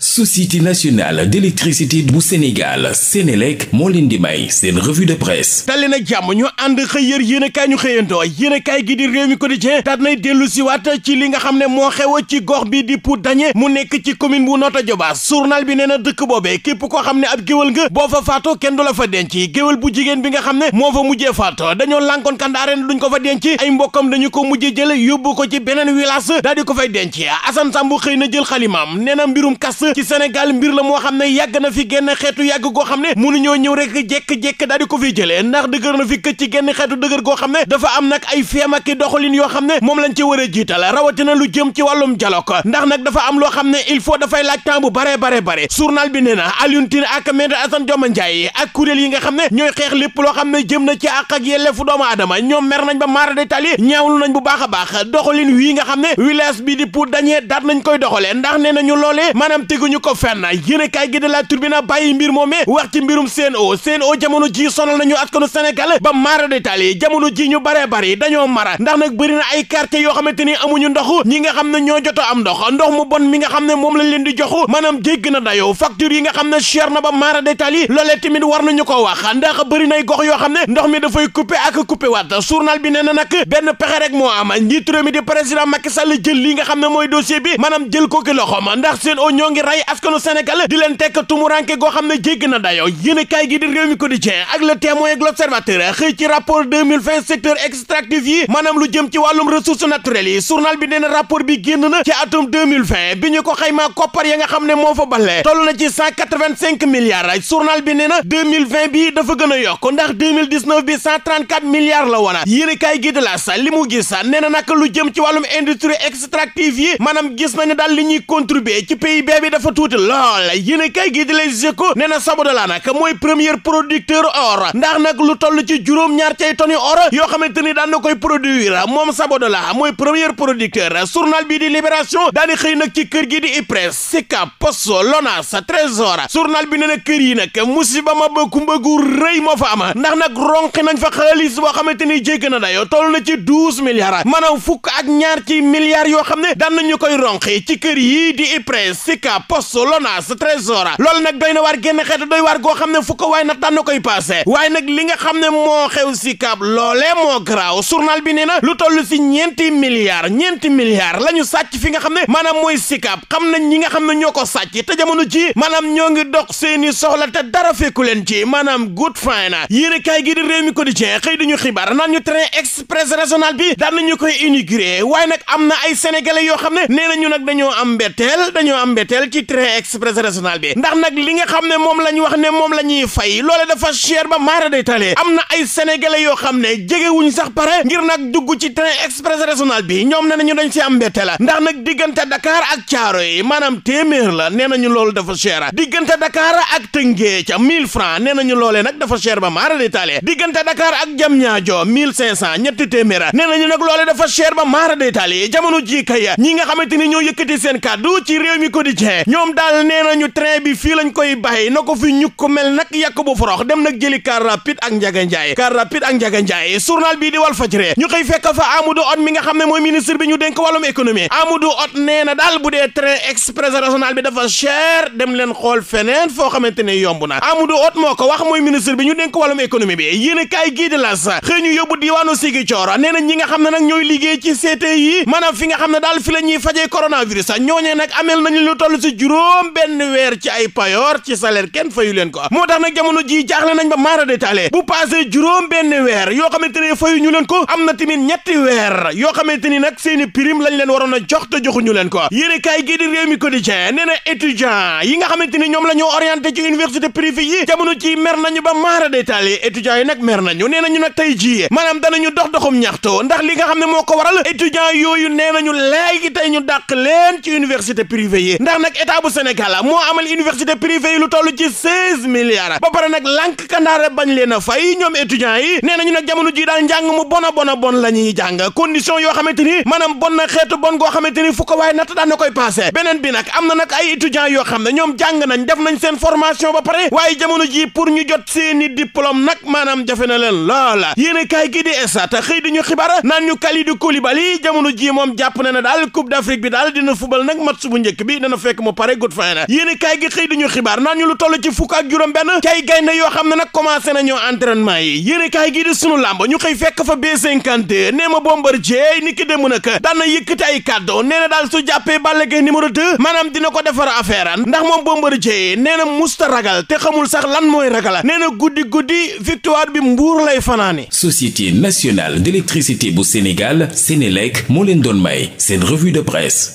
société nationale d'électricité bu Sénégal Sénélec moo leen di may seen revue de presse dali nag jàmm ñu ànd xëy yër yéenekaay ñu xëyandoo yéenekaay gi di réew mi quotidien daat nay dellu siwaat ci li nga xam ne moo xew ci gox bi di Pout Dañe mu nekk ci commune bu Notto Dioba journal bi nee na dëkk boobee képp koo xam ne ab géwél nga boo fa faatoo kenn du la fa denc géwél bu jigéen bi nga xam ne moo fa mujjee faatoo dañoo lànkoon kandaareen duñ ko fa denc ay mbokkam dañu ko mujjee jël yóbbu ko ci beneen village daal di ko fay denc Assane Samb xëy na jël xalimaam nee na mbirum kas ci Sénégal mbir la moo xam ne yàgg na fi genn xeetu yàgg goo xam ne mënuñoo ñëw rek jekk-jekk daal di ko fiy jëlee ndax dëgër na fi këcc ci genn xeetu dëgër goo xam ne dafa am nag ay feem ak i doxalin yoo xam ne moom lañ ci war a jiital rawatina lu jëm ci wàllum dialogue ndax nag dafa am loo xam ne il faut dafay laaj temps bu bare bare bare journal bi nee na Alioune Tine ak Maître Assane Dioma Ndiaye ak kuréel yi nga xam ne ñooy xeex lépp loo xam ne jëm na ci àq ak yelleefu doomu aadama ñoom mer nañ ba maara de tali ñaawlu nañ bu baax a baax doxalin wii nga xam ne village bi di pour dañee daat nañ koy doxalee ndax nee dégguñu ko fenn yéenekaay gi de la Tribune bàyyi mbir moomee wax ci mbirum CNO CNO jamono ji sonal nañu askanu Sénégal ba maara détail yi jamono ji ñu baree bari dañoo mara ndax nag bëri na ay quartier yoo xamante ni amuñu ndox ñi nga xam ne ñoo joto am ndox ndox mu bon mi nga xam ne moom lañ leen di joxu maanaam jégg na dayoo facture yi nga xam ne cher na ba maara détail yi loolee tamit war nañu ko wax ndax bëri gox yoo xam ne ndox mi dafay coupé ak coupé waat bi nee na benn pexe rek moo am njiitu réew mi li nga xam ne mooy dossier bi maanaam jël ko rey askanu Sénégal di leen tekk tumuranke goo xam ne jégg na dayoo yéen kaay gi di réew mi quotidien ak le témoin ak l'observateur xëy ci rapport secteur extractif yi maanaam lu jëm ci wàllum ressources naturelles yi journal bi nee bi dafa gën yokk ndax bi 134 la wona yéen kaay gi di la sa li mu gis nee na lu jëm ci wàllum industrie extractive yi maanaam gis nañu daal li ñuy contribuer ci PIB bi dafa tuuti lool yéen a kay gii di Les Échos ne na Sabodala nag mooy premier producteur or ndax nag lu toll ci juróom-ñaar cay toni or yoo xamante ni daan na koy produire moom Sabodala mooy premier producteur surnal bii di Libération daal di xëy nag ci kër gi di IPRES SICAP POSO LONAS Trésor journal bi ne na kër yi nag musiba ma ba kumba gu rëy moo fa am ndax nag ronqi nañ fa xaalis boo xamante ni jéggi na dayoo toll na ci douze milliards maanaam fukk ak ñaar ci milliards yoo xam ne daan nañu koy ronqi ci kër yi di IPRES SICAP poste LONASE trésor loolu nag doy na waar génn xeetu doy war goo xam ne fu ko waaye nag daan na koy passé waaye nag li nga xam ne moo xew si kaab loolee moo garaaw journal bi nee na lu toll si ñeenti milliards ñeenti milliards la ñu sàcc fi nga xam ne maanaam mooy sikaab xam nañ ñi nga xam ne ñoo ko sàcc te jamono ji maanaam ñoo ngi dox seeni soxla te dara fekku leen ci maanaam good fine na yéen kaay gi di réew mi quotidien xëy dañu xibaar naan ñu train express régional bi daan nañu koy inauguré waaye nag am na ay sénégalais yoo xam ne nee na ñu nag dañoo am mbetteel dañoo am mbetteel ci train express régional bi ndax nag li nga xam ne moom la ñu wax ne moom la ñuy fay loole dafa cher ba maara day talee am na ay sénégalais yoo xam ne jegewuñ sax pare ngir nag dugg ci train express régional bi ñoom ne nañu dañ si am mbette ndax nag diggante Dakar ak caaro yi maanaam téeméer la nee nañu loolu dafa cher diggante Dakar ak Tëngéej ca 1000 francs nee nañu loolee nag dafa cher ba maara day talee diggante Dakar ak Diamniadio 1500 ñetti téeméer nee nañu nag loolee dafa cher ba maara day talee jamono ji kay ñi nga xamante ni ñoo yëkkati seen kàddu mi loolee ñoom daal nee nañu train bi fii koy bàyyi na fi ñu ko nag yàq bu forox dem nag jëli car rapide ak Ndiaga Ndiaye car rapide ak Ndiaga Ndiaye journal ñu xëy fekk fa Amadou Hott mi nga xam ne mooy ministre bi ñu dénk wàllum économie Amadou Hott nee na daal bu dee train express régional bi dafa cher dem leen xool feneen foo xamante ne yomb na Amadou Hott moo ko wax mooy ministre bi ñu dénk wàllum économie bi yéen a kaay gii di las xëy ñu yóbbu diwaanu Ziguinchor nee na ñi nga xam ne nañu lu juróom benn weer ci ay payoor ci salaire kenn fayu leen ko moo tax nag jamono ji jaaxle nañ ba maara détaillé bu passé juróom benn weer yoo xamante ne fayu ñu leen ko am na tamit ñetti weer yoo xamante ni nag seeni prime lañ leen waroon a jox te joxuñu leen ko yéene kaay gi di réew mi quotidien nee na étudiant yi nga xamante ni ñoom la ñu orienté ci université privée yi jamono ji mer nañu ba maara détaillé étudiant yi nag mer nañu nee nañu nag tey ko waral étudiant yooyu nee nañu léegi tey état bu Sénégal moo amal université privée yi lu toll ci seize milliards ba pare nag lànk kandaare bañ leen a fay ñoom étudiants yi nee nañu nag jamono ji daal njàng mu bon a bon a bon la ñuy jàng condition yoo xamante ni maanaam bon na xeetu bon goo xamante ni fu ko waaye natt daan na koy passé beneen bi nag am na nag ay étudiants yoo xam ne ñoom jàng nañ def nañ seen formation ba pare waaye jamono ji pour ñu jot seeni diplôme nag maanaam jafe na leen loola yéen kaay gi di xëy di ñu xibaar naan ñu Kalidou Koulibaly jamono ji moom jàpp na ne daal coupe d'Afrique bi daal dina fubal nag match bu njëkk bi dana fekk mu pare gut fin na gi xëy duñu xibaar naan ñu lu toll ci fukk ak juróom benn cay gaynde yoo xam ne nag commencé nañoo entraînement yi yéen i kaay gi di sunu làmb ñu xëy fekk fa B52 nee ma Bombardier ni ki dem na daan na yëkkati ay kàddu nee na daal su jàppee Balla Gaye numéro 2 maanaam dina ko defar affaire ndax moom Bombardier nee na musta ragal te xamul sax lan mooy ragala nee na guddi guddi victoire bi mbuur lay fanaane Société nationale d'électricité bu Sénégal Sénélec moo leen doon may seen revue de presse